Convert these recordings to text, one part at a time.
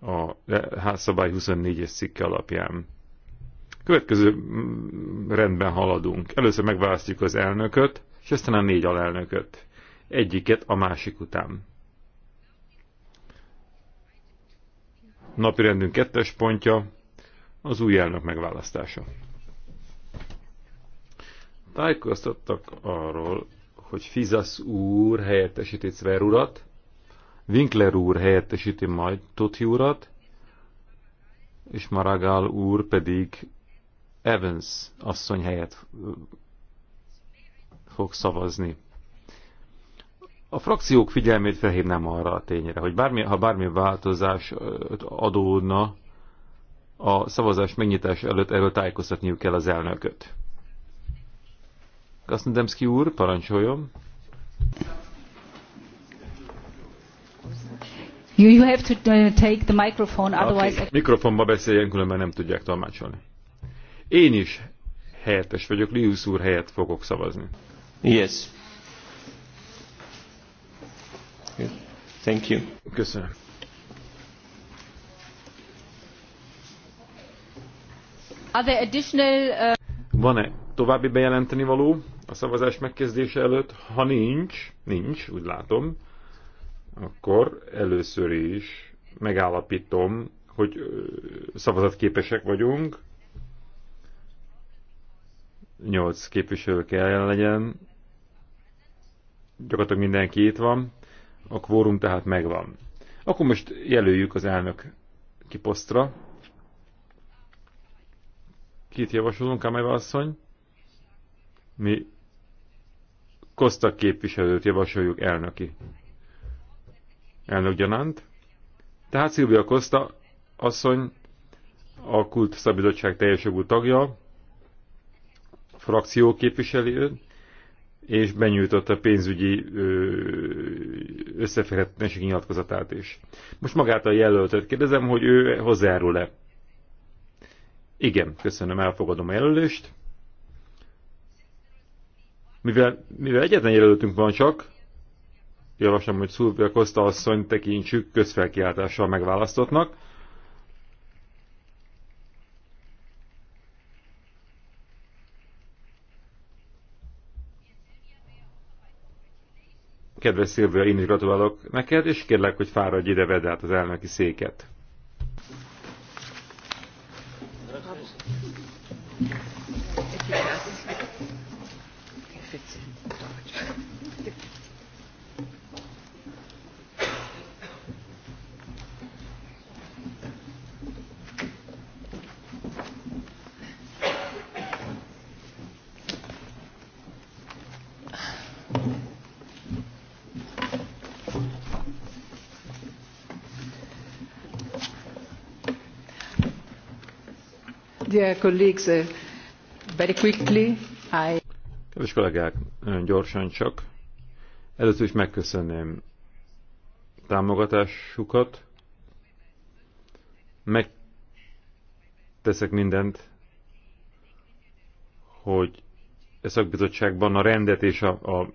a házszabály 24-es cikke alapján. Következő mm, rendben haladunk. Először megválasztjuk az elnököt, és aztán a négy alelnököt. Egyiket a másik után. Napi rendünk kettes pontja az új elnök megválasztása. Tájékoztattak arról, hogy Fizasz úr helyettesíti Szver urat, Winkler úr helyettesíti majd Toti urat, és Maragall úr pedig Evans asszony helyett fog szavazni. A frakciók figyelmét felhívnám arra a tényre, hogy bármi, ha bármi változás adódna, a szavazás megnyitás előtt erről tájékoztatniuk kell az elnököt. Kasznodemszki úr, parancsoljon! You, you have to uh, take the microphone, otherwise... Okay. Mikrofonba beszéljen, különben nem tudják tolmácsolni. Én is helyettes vagyok, Liusz úr helyett fogok szavazni. Yes. Thank you. Köszönöm. Are there additional, uh... Van-e további bejelenteni való a szavazás megkezdése előtt? Ha nincs, nincs, úgy látom, akkor először is megállapítom, hogy szavazatképesek vagyunk, nyolc képviselő kell legyen, gyakorlatilag mindenki itt van, a kvórum tehát megvan. Akkor most jelöljük az elnök kiposztra. Kit javasolunk, Kameva asszony? Mi Kosztak képviselőt javasoljuk elnöki elnök gyanánt. Tehát Szilvia Costa asszony a Kult Szabizottság teljes jogú tagja, frakció képviseli és benyújtotta a pénzügyi összeférhetetlenség nyilatkozatát is. Most magát a jelöltet kérdezem, hogy ő hozzájárul-e. Igen, köszönöm, elfogadom a jelölést. Mivel, mivel egyetlen jelöltünk van csak, javaslom, hogy Szulvia Kosta asszony tekintsük közfelkiáltással megválasztottnak. Kedves Szilvia, én is gratulálok neked, és kérlek, hogy fáradj ide, vedd át az elnöki széket. Uh, Kedves kollégák, nagyon gyorsan csak. Először is megköszönném támogatásukat. Megteszek mindent, hogy e szakbizottságban a rendet és a, a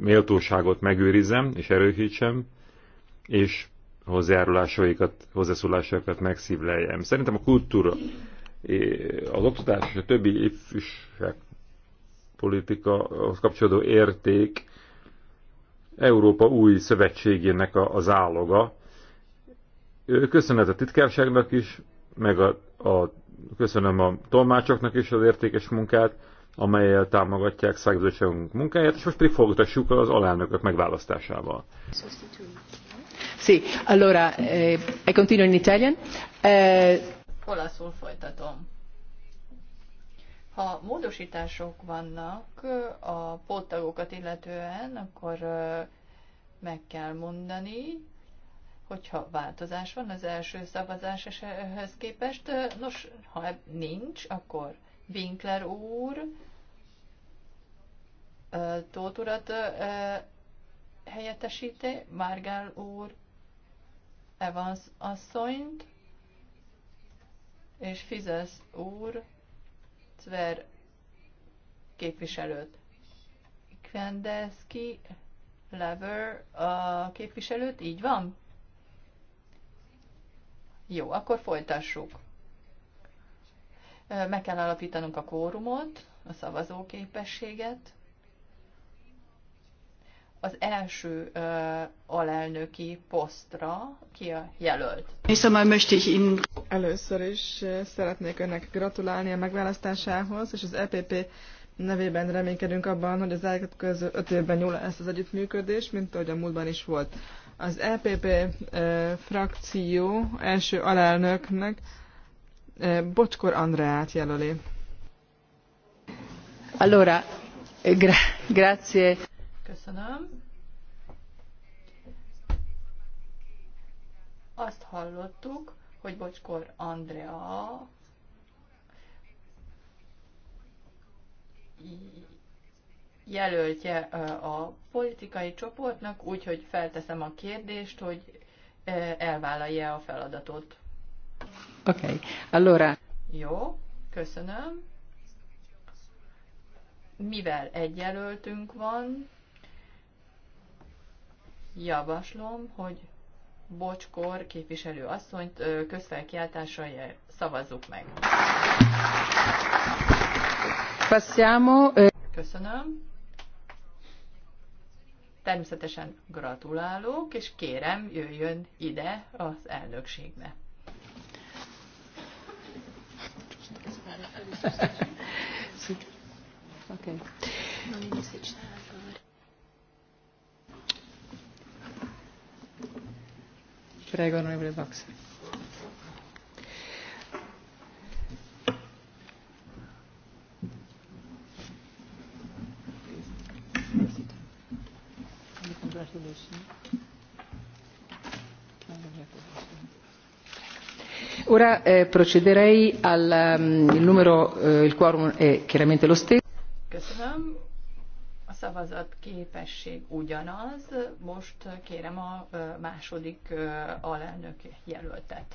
méltóságot megőrizzem és erősítsem, és hozzájárulásaikat, hozzászólásaikat megszívleljem. Szerintem a kultúra az oktatás és a többi ifjúság politikahoz kapcsolódó érték Európa új szövetségének a, az áloga. Köszönet a titkárságnak is, meg a, a, köszönöm a tolmácsoknak is az értékes munkát, amelyel támogatják szakbizottságunk munkáját, és most pedig folytassuk az alelnökök megválasztásával. Sì, allora eh, continuo in italian. Eh... Olaszul folytatom. Ha módosítások vannak a póttagokat illetően, akkor meg kell mondani, hogyha változás van az első szavazáshoz képest. Nos, ha nincs, akkor Winkler úr, Tóth urat helyettesíti, Márgál úr, Evans asszonyt, és Fizesz úr Cver képviselőt. Kvendeski Lever a képviselőt, így van? Jó, akkor folytassuk. Meg kell alapítanunk a kórumot, a szavazóképességet az első uh, alelnöki posztra ki a jelölt. Először is szeretnék önnek gratulálni a megválasztásához, és az EPP nevében reménykedünk abban, hogy az elkövetkező öt évben nyúl ezt az együttműködés, mint ahogy a múltban is volt. Az EPP uh, frakció első alelnöknek uh, Bocskor Andreát jelöli. Allora, gra grazie. Köszönöm. Azt hallottuk, hogy Bocskor Andrea jelöltje a politikai csoportnak, úgyhogy felteszem a kérdést, hogy elvállalja a feladatot. Oké, okay. allora. Jó, köszönöm. Mivel egy jelöltünk van, javaslom, hogy Bocskor képviselő asszonyt közfelkiáltással szavazzuk meg. Passiamo. Köszönöm. Természetesen gratulálok, és kérem, jöjjön ide az elnökségbe. Okay. Prego, onorevole Box. Ora eh, procederei al um, il numero, eh, il quorum è chiaramente lo stesso. Köszönöm szavazat képesség ugyanaz. Most kérem a második alelnök jelöltet.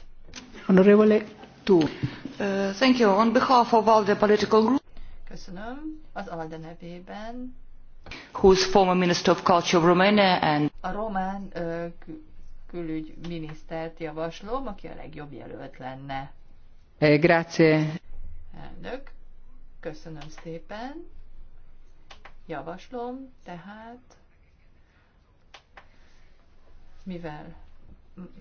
Honorable Tú. thank you. On behalf of all the political group. Köszönöm. Az ALDE nevében. Who's former Minister of Culture of Romania and... A román ö, külügyminisztert javaslom, aki a legjobb jelölt lenne. Eh, grazie. Elnök, köszönöm szépen. Javaslom, tehát, mivel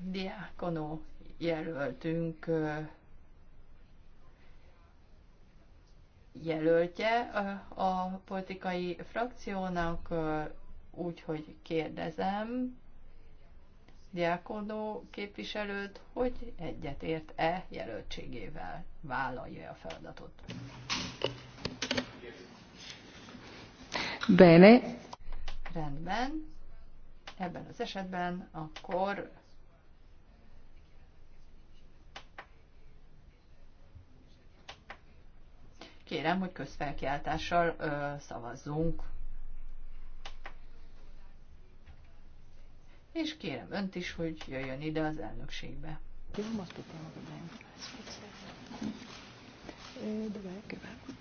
diákonó jelöltünk jelöltje a politikai frakciónak, úgyhogy kérdezem diákonó képviselőt, hogy egyetért-e jelöltségével vállalja a feladatot. Bene. Rendben. Ebben az esetben akkor kérem, hogy közfelkiáltással ö, szavazzunk. És kérem önt is, hogy jöjjön ide az elnökségbe. Jó, most tudtam, hogy Dov'è che va?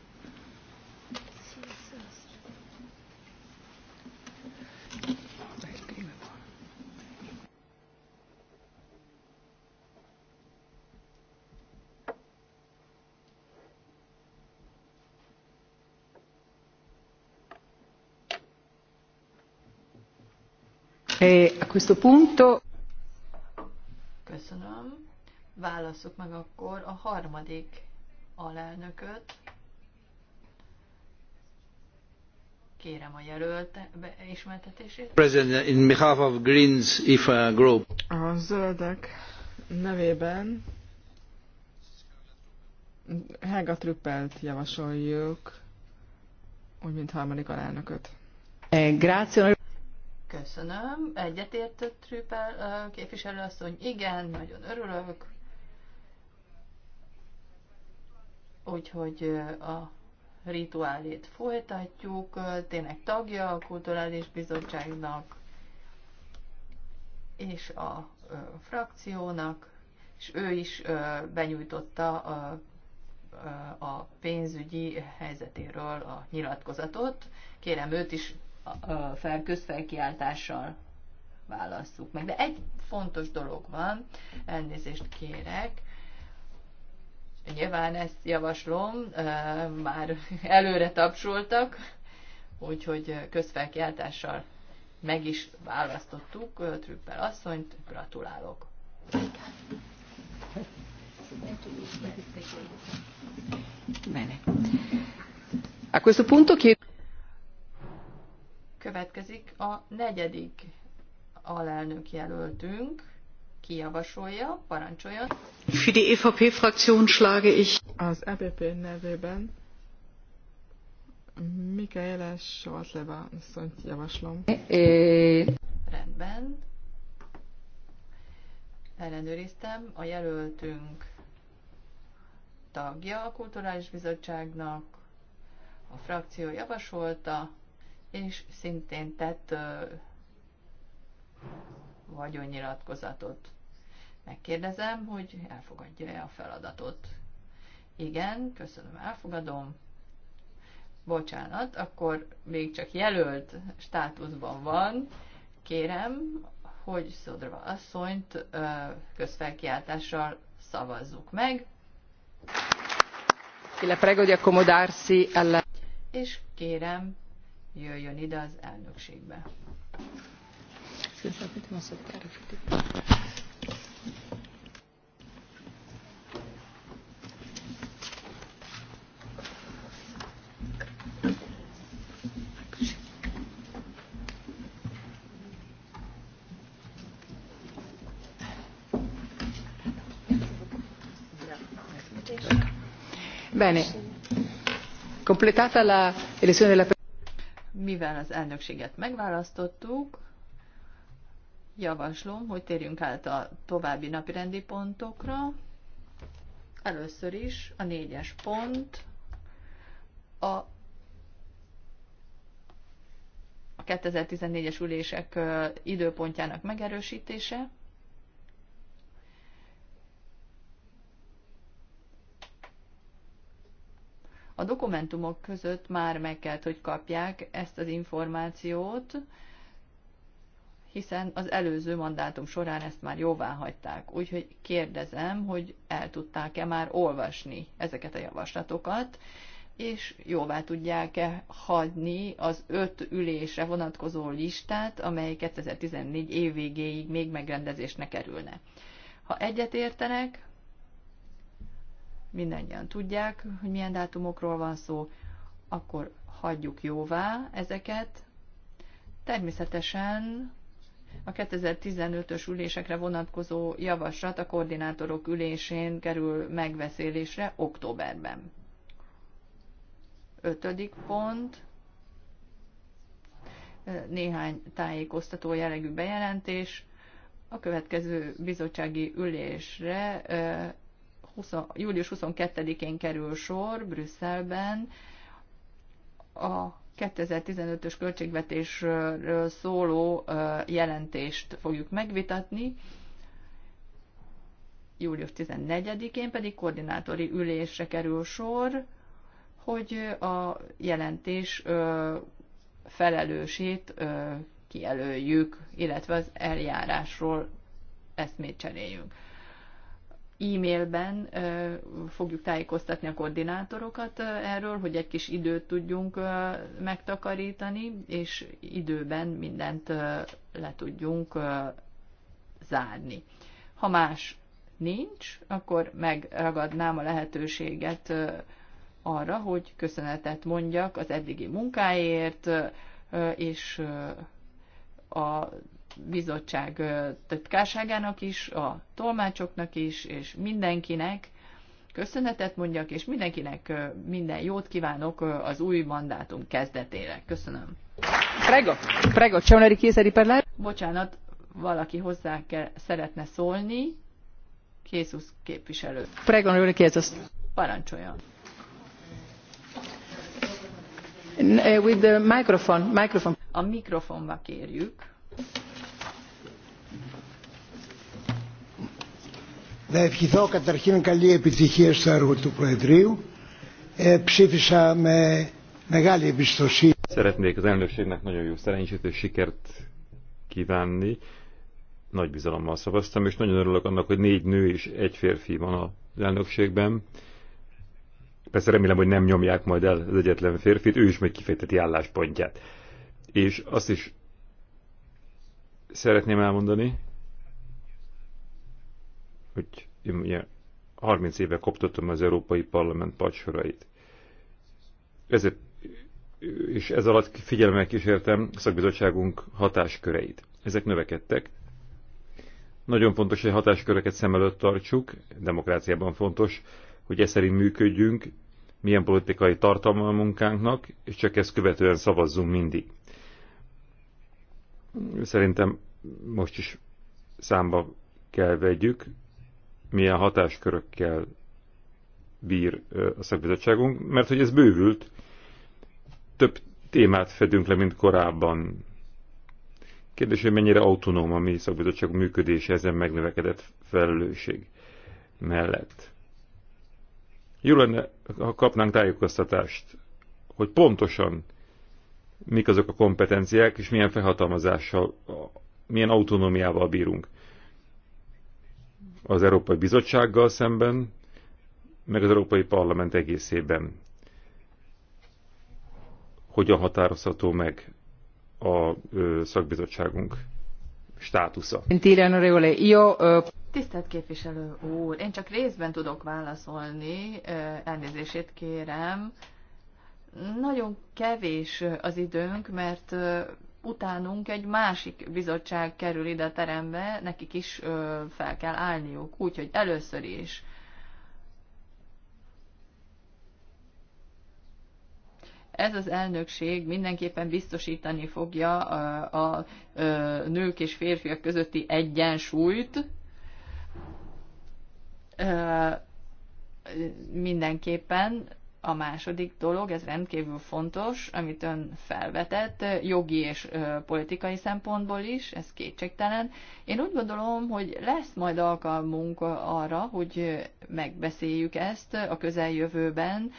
E, a Köszönöm. Válasszuk meg akkor a harmadik alelnököt. Kérem a jelölt ismertetését. President, in behalf of Greens IFA uh, Group. A zöldek nevében Helga Trüppelt javasoljuk, úgy mint harmadik alelnököt. Eh, grazie. Köszönöm. Egyetért Trüppel asszony Igen, nagyon örülök. Úgyhogy a rituálét folytatjuk. Tényleg tagja a Kulturális Bizottságnak és a frakciónak, és ő is benyújtotta a, a pénzügyi helyzetéről a nyilatkozatot. Kérem őt is fel közfelkiáltással válasszuk meg. De egy fontos dolog van, elnézést kérek, nyilván ezt javaslom, már előre tapsoltak, úgyhogy közfelkiáltással meg is választottuk Trüppel asszonyt, gratulálok! Bene. A questo punto chiedo... Következik a negyedik alelnök jelöltünk. Ki javasolja? Parancsoljon. Für die EVP-Fraktion schlage ich. Az EPP nevében Mikaela Soltleva asszonyt javaslom. Rendben. Ellenőriztem. A jelöltünk tagja a Kulturális Bizottságnak. A frakció javasolta, és szintén tett vagyonnyilatkozatot. Megkérdezem, hogy elfogadja-e a feladatot. Igen, köszönöm, elfogadom. Bocsánat, akkor még csak jelölt státuszban van. Kérem, hogy Szodrova asszonyt közfelkiáltással szavazzuk meg. Kile prego di accomodarsi ellen. És kérem, jöjjön ide az elnökségbe. Bene, completata la elezione della mivel az elnökséget megválasztottuk, javaslom, hogy térjünk át a további napirendi pontokra. Először is a négyes pont, a, a 2014-es ülések időpontjának megerősítése. a dokumentumok között már meg kell, hogy kapják ezt az információt, hiszen az előző mandátum során ezt már jóvá hagyták. Úgyhogy kérdezem, hogy el tudták-e már olvasni ezeket a javaslatokat, és jóvá tudják-e hagyni az öt ülésre vonatkozó listát, amely 2014 év végéig még megrendezésnek kerülne. Ha egyetértenek, mindannyian tudják, hogy milyen dátumokról van szó, akkor hagyjuk jóvá ezeket. Természetesen a 2015-ös ülésekre vonatkozó javaslat a koordinátorok ülésén kerül megbeszélésre októberben. Ötödik pont. Néhány tájékoztató jellegű bejelentés. A következő bizottsági ülésre 20, július 22-én kerül sor Brüsszelben a 2015-ös költségvetésről szóló jelentést fogjuk megvitatni, július 14-én pedig koordinátori ülésre kerül sor, hogy a jelentés felelősét kijelöljük, illetve az eljárásról eszmét cseréljünk e-mailben fogjuk tájékoztatni a koordinátorokat erről, hogy egy kis időt tudjunk megtakarítani, és időben mindent le tudjunk zárni. Ha más nincs, akkor megragadnám a lehetőséget arra, hogy köszönetet mondjak az eddigi munkáért, és a bizottság titkárságának is, a tolmácsoknak is, és mindenkinek köszönetet mondjak, és mindenkinek minden jót kívánok az új mandátum kezdetére. Köszönöm. Prego, prego, c'è una perler. Bocsánat, valaki hozzá kell, szeretne szólni. Jézus képviselő. Prego, nőri kézus. Parancsoljon. Eh, with the microphone, microphone. A mikrofonba kérjük. Να ευχηθώ καταρχήν καλή επιτυχία στο έργο του Προεδρείου. Ε, ψήφισα με μεγάλη εμπιστοσύνη. Szeretnék az elnökségnek nagyon jó szerencsét és sikert kívánni. Nagy bizalommal szavaztam, és nagyon örülök annak, hogy négy nő és egy férfi van az elnökségben. Persze remélem, hogy nem nyomják majd el az egyetlen férfit, ő is majd kifejteti álláspontját. És azt is szeretném elmondani, hogy én ugye 30 éve koptottam az Európai Parlament pacsorait. Ezért, és ez alatt figyelemmel kísértem szakbizottságunk hatásköreit. Ezek növekedtek. Nagyon fontos, hogy hatásköröket szem előtt tartsuk, demokráciában fontos, hogy ez szerint működjünk, milyen politikai tartalma a munkánknak, és csak ezt követően szavazzunk mindig. Szerintem most is számba kell vegyük, milyen hatáskörökkel bír a szakbizottságunk, mert hogy ez bővült, több témát fedünk le, mint korábban. Kérdés, hogy mennyire autonóm a mi szakbizottságunk működése ezen megnövekedett felelősség mellett. Jó lenne, ha kapnánk tájékoztatást, hogy pontosan mik azok a kompetenciák, és milyen felhatalmazással, milyen autonómiával bírunk az Európai Bizottsággal szemben, meg az Európai Parlament egészében. Hogyan határozható meg a ö, szakbizottságunk státusza? Tisztelt képviselő úr, én csak részben tudok válaszolni, elnézését kérem. Nagyon kevés az időnk, mert utánunk egy másik bizottság kerül ide a terembe, nekik is ö, fel kell állniuk. Úgyhogy először is ez az elnökség mindenképpen biztosítani fogja a, a, a nők és férfiak közötti egyensúlyt. Mindenképpen a második dolog, ez rendkívül fontos, amit ön felvetett, jogi és politikai szempontból is, ez kétségtelen. Én úgy gondolom, hogy lesz majd alkalmunk arra, hogy megbeszéljük ezt a közeljövőben,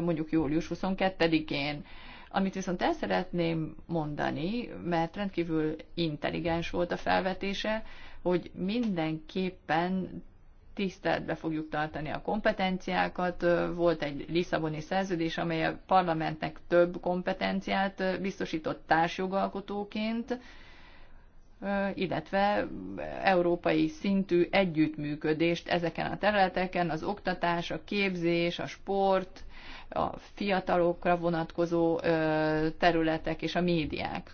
mondjuk július 22-én. Amit viszont el szeretném mondani, mert rendkívül intelligens volt a felvetése, hogy mindenképpen tiszteletbe fogjuk tartani a kompetenciákat. Volt egy Lisszaboni szerződés, amely a parlamentnek több kompetenciát biztosított társjogalkotóként, illetve európai szintű együttműködést ezeken a területeken, az oktatás, a képzés, a sport, a fiatalokra vonatkozó területek és a médiák.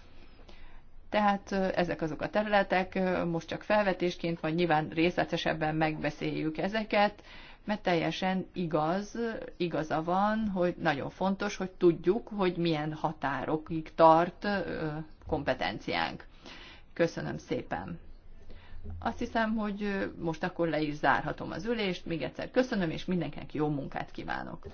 Tehát ezek azok a területek, most csak felvetésként, vagy nyilván részletesebben megbeszéljük ezeket, mert teljesen igaz, igaza van, hogy nagyon fontos, hogy tudjuk, hogy milyen határokig tart kompetenciánk. Köszönöm szépen! Azt hiszem, hogy most akkor le is zárhatom az ülést. Még egyszer köszönöm, és mindenkinek jó munkát kívánok!